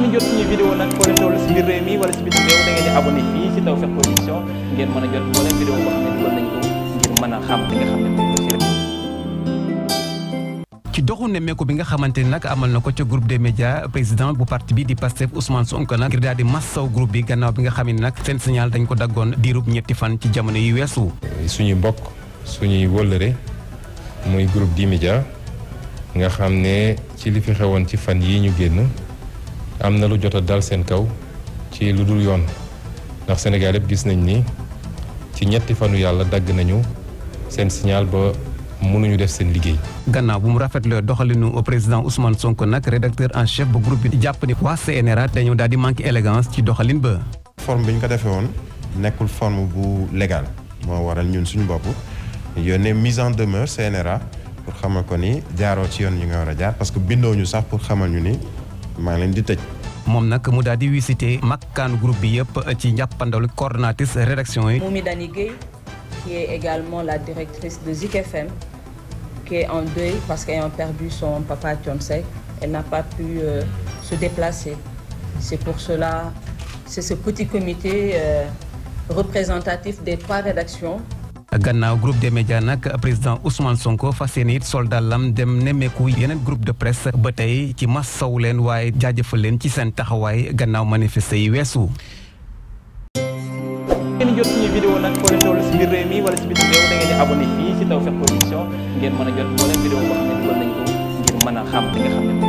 ngeen jot suñu vidéo nag ne dugal bi nga xamante ni nag amal na ko ca groupe des média président bu parti bi di Pastef Ousmane Sonko nag ngir daal di massaw groupe bi gannaaw bi nga xam ne nag seen signal dañ ko daggoon diirub ñetti fan ci jamono yu weesu. suñuy bokk suñuy wëllëre muy groupe des médias nga xam ne ci li fi xewoon ci fan yi ñu génn. am na lu jot a dal seen kaw ci lu dul yoon ndax Sénégal gis nañ ni ci ñetti fanu yàlla dagg nañu seen signal ba mënuñu def seen liggéey. gannaaw bu mu rafetloo doxalinu président Ousmane Sonko nag rédacteur en chef bu groupe bi jàpp ni waa CNRA dañu daal di manqué élégance ci doxalin ba. forme bi ñu ko defee woon nekkul forme bu légal moo waral ñun suñu bopp yónnee mise en demeure CNRA pour xamal ko ni jaaroo ci yoon yi nga war a jaar parce que bindoo ñu sax pour xamal ñu ni. maa ngi leen moom nag mu daal di visité makkaanu groupe bi yëpp ci njàppandalu coordonnatrice rédaction yi. Moumi Dani Gueye qui est également la directrice de Zik FM qui est en deuil parce qu'ayant perdu son papa Thione Seck elle n'a pas pu euh, se déplacer c'est pour cela c'est ce petit comité euh, représentatif des trois rédactions gannaaw groupe des média nag président Ousmane Sonko fas yéene it soldalam dem nemmeeku yeneen groupe de presse ba tey ci massaw leen waaye jaajëfal leen ci seen taxawaay gannaaw manifeste yi weesu. ngeen a